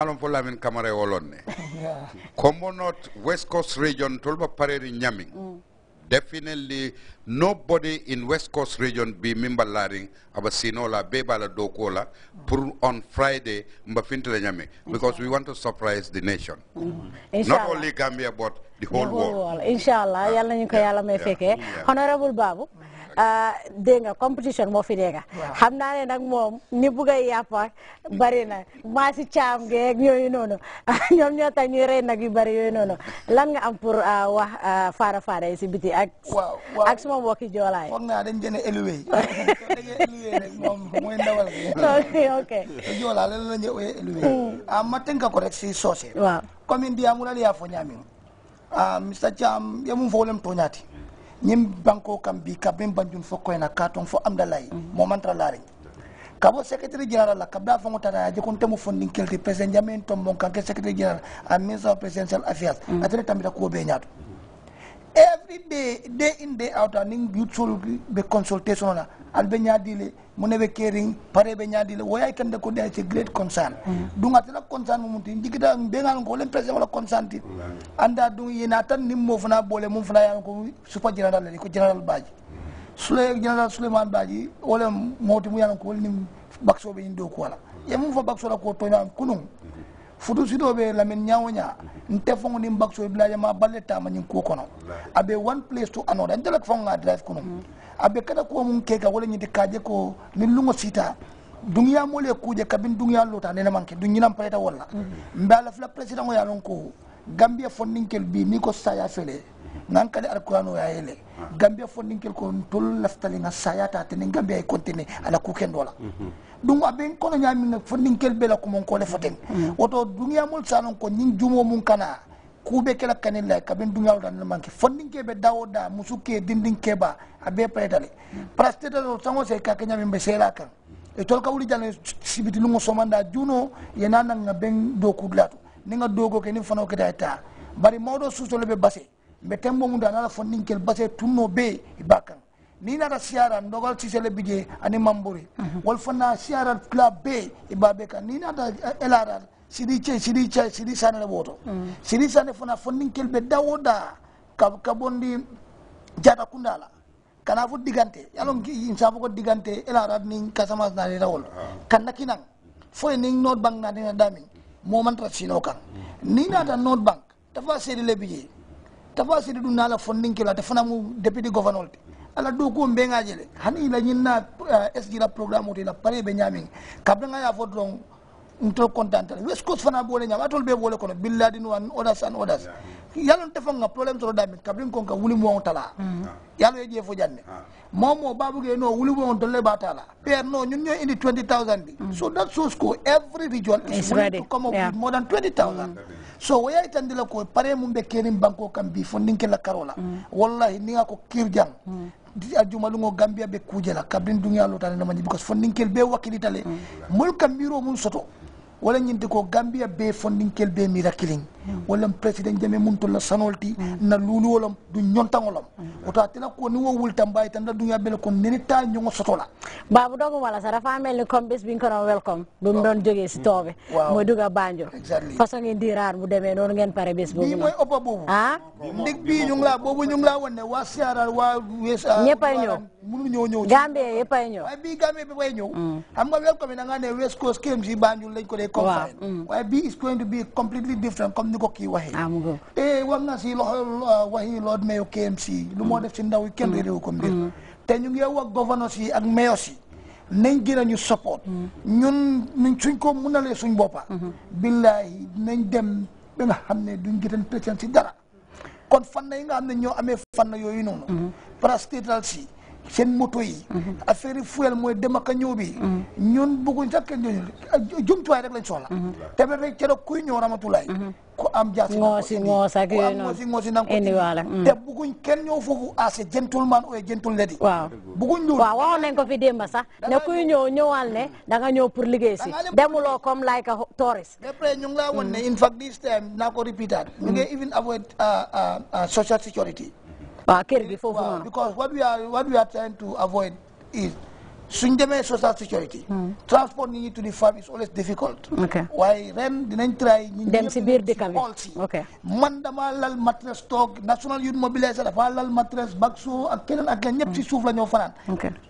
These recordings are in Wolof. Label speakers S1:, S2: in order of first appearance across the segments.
S1: alon fo lamin kamara wolon ne eh. combo north west coast region tolba pareri in mm. definitely nobody in west coast region be member laring aba sinola bebala dokola pour on friday mba fintele ñame because we want to surprise the nation
S2: mm. Mm. not only
S1: gambia but the
S2: whole, world, world. inshallah yalla ñu ko yalla may fekke honorable babu mm. Ah, dégg nga compétition moo fi nekk. xam naa ne nag moom ni bugg a yàppa bari na maa si caam geeg yooyu noonu ñoom ñoo ñuy rey nag yu bari yooyu noonu lan nga am pour ah, wax ah, faara faara yi si biti ak. ak suma mbokki joolaay. foog naa dañ gën a éluwee.
S1: moom mooy ndawal gi. Hmm. ma tënk ko si soose. waaw commune bi amulal yaa fo ñaamin. Mr Cham lem toñaati. ñin banko kam bi kabin banjun fo koyna katon fo amdalayi momantara laariñ kabo secretary general la kabda fango tata aje kon temu fondin kelti president jamen tombon kanke secretary general a ministre of presidential affairs mm. atene tambita kuwo be ñaatu every day day in day out aning youthful be consultation na albe nyadile munebe caring pare be nyadile woya ikende ko dai great concern mm -hmm. dunga tela concern mu mutin jikita benga ko len president wala concern ti mm -hmm. anda dung yina tan nim mo fana bole mum fana yan ko super general le ko general baji mm-hmm. sule general suleiman baji wala moti mu yan ko nim bakso be ndo ko wala ye mum fa bakso la ko to futu sido be lamin nyawnya nte fongu ni mbakso e bila ya maballe tama nyin ko kono abe one place to another nte lak fonga drive kono mm-hmm. abe kada ko mun ke ka wala nyidi kaje ko min lungo sita dunya mole kuje kabin dunya lota ne manke dunya nam pare ta wala mm-hmm. mbala fla president ya lon ko gambia fondinkel bi ni ko saya fele nan kadi alqur'anu ya yele gambia ninkel ko tol na sayata tene gambia e kontine ala ken dola wa ben kono fo ninkel bela ko mon le foten woto mul sanon ko nin jumo mun kana kuɓe kela kanilla dunya duniyawol tan manke fondinke ɓe musuke dindin keba abe aɓe payetale do sango se ka kenya ɓe seela kan e tol ka wuri jane sibiti lungo somanda juno yenananga ɓen do kudlatu ninga dogo ke ni fano ke ta bari mawɗo susole be basse betembo mundu anala fonnin i base tunno be ibakan ni nata siyara ndogal sisele bije ani mambure mhm. wal fana siyara club be ibabe kan ni nata elarar sidi che sidi che sidi sane le boto mhm. sidi sane fana fonnin kel be dawoda kab kabondi jata kundala kana fo digante yalon ki insa fo digante elarar ni kasamas na le rawol ah. kan nakinan foy e ni note bank na dina dami mo man tra sino kan mm. ni nata note bank dafa sedi le bije tafa sidi ɗum naala fondinkiloa te fana mu député gouvernol te ala ɗo ko mbegaje le hani ila ñinna eh, sdira programme oto ila pare ɓe ñamin kabdanga ya fo don ntol contente la west coast fana ɓoole ñama atol ɓe ɓoole kono billadi nu an odas an odas yalon tefanga probléme soto damin kabrin kon ka wuli mo tala mm-hmm. yalo ye ƴee fo jande ah. momo wuli mo dolle ba tala père no ñun ñoy indi 20000 ɗi mm. so that shows ko every region is willing to come up with so wo yai tandila ko pare mun be kenin banko kan bi fondinke la karola wallahi ni ko kirjang a mm. jumalungo gambia be kujela kabrin duniya lotane namaji because fondinkel be wakilitale mol mm. kam miro mun soto wala ñinti ko gambia be fondinkel be mira kiling walam president jame muntolla sanolti na lulu wolam du
S2: ñontangolam wota tena ko ni wo wulta mbay tan da dunya bel ko neni ta ñongo sotola babu dogo wala sa rafa melni comme bis biñ ko non welcome dum don joge ci tobe mm. duga banjo façon ngeen bu demee noonu ngeen pare bis boobu ah ndig bii ñu
S1: ni ko kii waxee e wax nga si loxo ah, waxi Lord Mayor KMC lu moo mm. def si ndaw yi kenn mm. réeréwu ko mbir mm. te ñu ngi wax gouverneurs yi ak mayors yi nañ gën ñu support ñun ñun suñ ko munalee suñ boppa mm-hmm. billaahi nañ dem ba xam ne duñ gëtan pression si dara kon fanna yi nga xam ne ñoo amee fanna yooyu noonu mm-hmm. parastatal si cen moto yi. Mhm. affaire yi mooy dem ak a ñëw bi. Mhm. ñun bëgguñ sax kenn ñooñu jumtuwaay rek lañ soxla. Mhm. te ba rek kuy ñëw ramatulaay. ku am jaasi. ngoosi ngoosi ak yooyu noonu ngoosi ngoosi nangu ko te bëgguñ
S2: kenn ñëw foofu as a gentleman ou gentlelady. waaw bëgguñ loolu. waaw waxoon nañ ko fi démb sax ne kuy ñëw ñëwaal ne da nga ñëw pour liggéey si. demuloo comme like a tourist.
S1: après ñu ngi laa woon ne in fact this time naa ko repeated. ñu ngi even avoid uh, uh, uh, social security. waaw kër gi foofu noonu because what we are what demee social security. Hmm. transport nit ñi to the farm is always difficult. waaye ren dinañ try. dem si biir dëkk bi man damaa lal matres toog national youth mobiliser dafa lal matres Bakso ak keneen ak ñëpp si hmm. suuf la ñoo fanaan.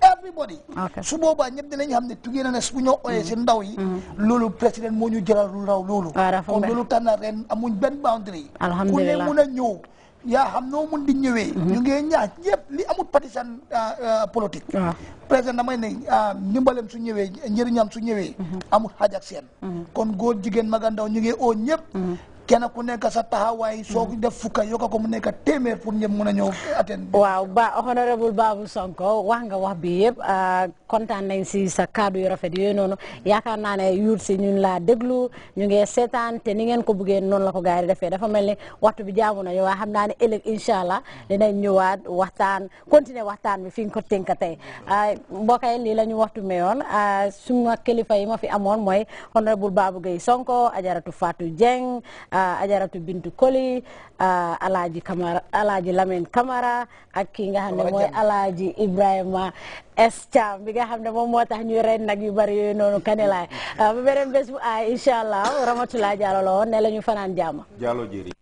S1: everybody. su boobaa ñëpp dinañ xam ne tuggee na ne su ñoo oyee si hmm. ndaw yi. loolu président moo ñu jëral lu raw loolu. Ah, kon loolu tax na ren amuñ benn boundary. alhamdulilah ku ne mun a ñëw. yaa xam noo mun di ñëwee. Mhm. ñu ngee ñaax ñëpp li amul partisan ah, ah, politique. Ah. président damay ne ndimbalam su ñëwee njëriñam su ñëwee. Mhm. amul xaaj ak seen. Mhm. kon góor jigéen mag ñu ngee oo ñëpp. kenn ku nekk sa taxawaay mm. soo ko def fukka yokk ko mu nekk téeméer pour ñëpp mën a ñëw
S2: atteindre. waaw ba honorable Sonko wax nga wax bi yëpp ah, kontaan nañ si sa kàddu yu rafet yooyu noonu yaakaar naa ne yuut si ñun laa déglu ñu ngi seetaan te ni ngeen ko buggee noonu la ko gars yi defee dafa mel ni waxtu bi jaamu nañu waaye xam naa ne ëllëg incha allah dinañ ñëwaat waxtaan continuer waxtaan bi fi nga ko tënk tey ah, mbokk yi lii la ñu waxtu mayoon ah, suma kilifa yi ma fi amoon mooy honorable Babou Gueye Sonko Euh, ajaratu bintu koli euh, alaaji Kamara alaaji Lamine Kamara ak ki nga xam ne mooy alaaji Ibrahima es Thiam bi nga xam ne moom moo tax ñuy rey nag yu bari yooyu noonu kanelaay euh, ba beneen bés bu aay incha allah rahmatulah jàllo la ñu fanaan jàmm.
S1: jàllo